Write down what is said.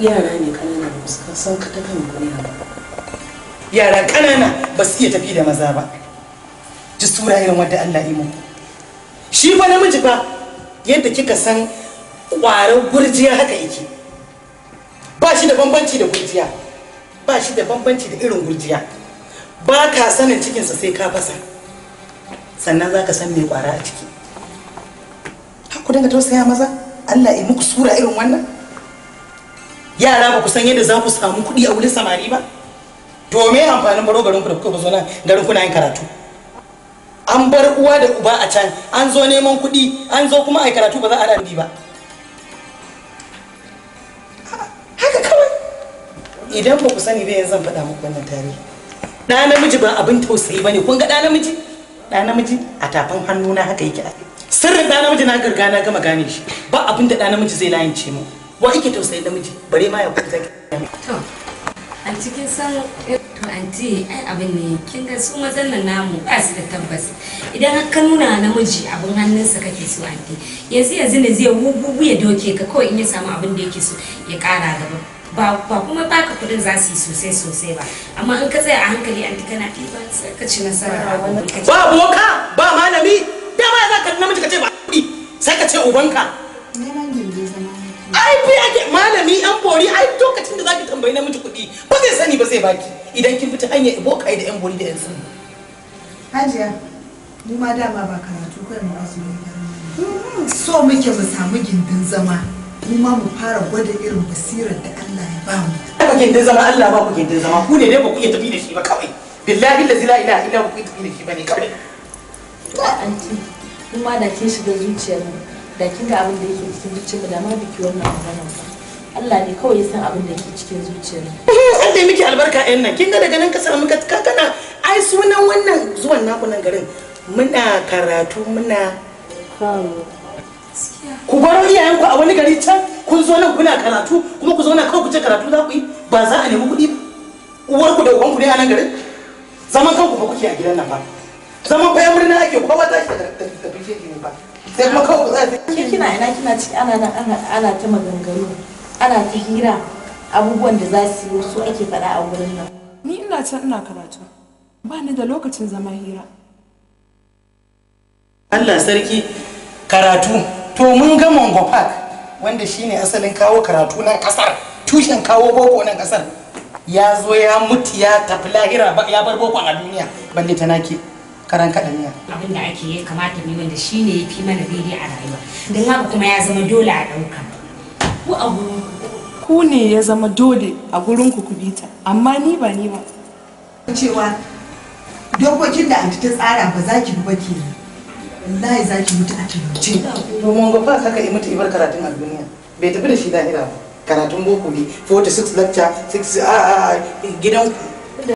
yara ne kanana ba su san ka tafi ne ba yara kanana ba su iya tafi da maza ba ji sura irin wanda Allah yi muku shi fa namiji ba yadda kika san ƙwarar gurjiya haka yake ba shi da bambanci da gurjiya ba shi da bambanci da irin gurjiya ba ka sanin cikinsa sai ka fasa sannan za ka san mai kwara a ciki ku dinga tausaya maza Allah yi muku sura irin wannan yara ba ku san yadda za ku samu kuɗi a wurin samari ba to me amfanin baro garin ku da kuka zo nan garin kuna yin karatu an bar uwa da uba a can an zo neman kuɗi an zo kuma a karatu ba za a nan ba haka kawai idan ba ku sani ba yanzu zan faɗa muku wannan tarihi ɗa namiji ba abin tausayi ba ne kun ga ɗa namiji ɗa namiji a tafin hannu na haka yake sirrin ɗa namiji na garga na gama gane shi ba abin da ɗa namiji zai layince mu wa kike tausayin namiji bare ma ya kuta to an cikin san eh, to anti ai abin ne kin ga su mazan nan namu ba su da tabbas idan har ka nuna namiji abin hannunsa kake so anti yanzu yanzu ne zai wubu ya doke ka kawai in ya samu abin da yake so ya kara gaba ba kuma ba ka kudin za su yi sosai sosai ba amma in ka tsaya a hankali anti kana ɗiba sai ka ci nasara ba boka ba malami dama ya za ka namiji ka ce ba kuɗi sai ka ce ubanka ai ake malami yan bori ai lokacin da zaki tambayi namiji kudi ba zai sani ba zai baki idan kin fita ibo kai da yan bori da yan sani hajiya mu ma dama ba karatu kai mu ne hmm, so muke mu samu gindin zama mu ma mu fara gwada irin basirar da Allah ya bamu ba gindin zama Allah ba ku gindin zama ku ne dai ba ku iya tafi da shi ba kawai billahi la ilaha illa ku tafi da shi bane kawai to anti kuma da kin shiga zuciyarmu da kin ga abin da yake cikin zuciyar da ma biki wannan magana Allah ne kawai ya san abin da yake cikin zuciyar an da miki albarka yan nan kin ga daga nan ka samu ka kana ai sunan wannan zuwan naku nan garin muna karatu muna ku baro ku a wani gari can kun zo nan kuna karatu kuma ku zo nan kawai ku ce karatu za ku yi ba za a nemi kuɗi ku da ku ne a nan garin zaman kanku ba kuke a gidan nan ba zaman bayan murna ake kowa tashi da tafi jeji ne ba sai kuma ana ana ana ta maganganu ana ta hira abubuwan da za su yi su ake faɗa a wurin nan ni ina can ina karatu ba ni da lokacin zama hira Allah sarki karatu to mun ga Mongo Park wanda shine asalin kawo karatu nan kasar tushen kawo boko nan kasar ya zo ya mutu ya tafi lahira ya bar boko a duniya balle ta nake karan kaɗaniya. Abin da ake yi kamata ne wanda shi ne ya fi mana daidai a rayuwa. Don haka kuma ya zama dole a ɗauka. Ku a Ku ne ya zama dole a gurin ku kubita, amma ni ba ni ba. Cewa dokokin da anti ta tsara ba za ki bi ba ke wallahi za ki mutu a talauce. Domin ga ba kaka yi mata ibar karatun albuniya. Bai tafi da shi da'ira ba. Karatun boko ne, 46 lecture, 6 ah, ah, ah, gidan ku.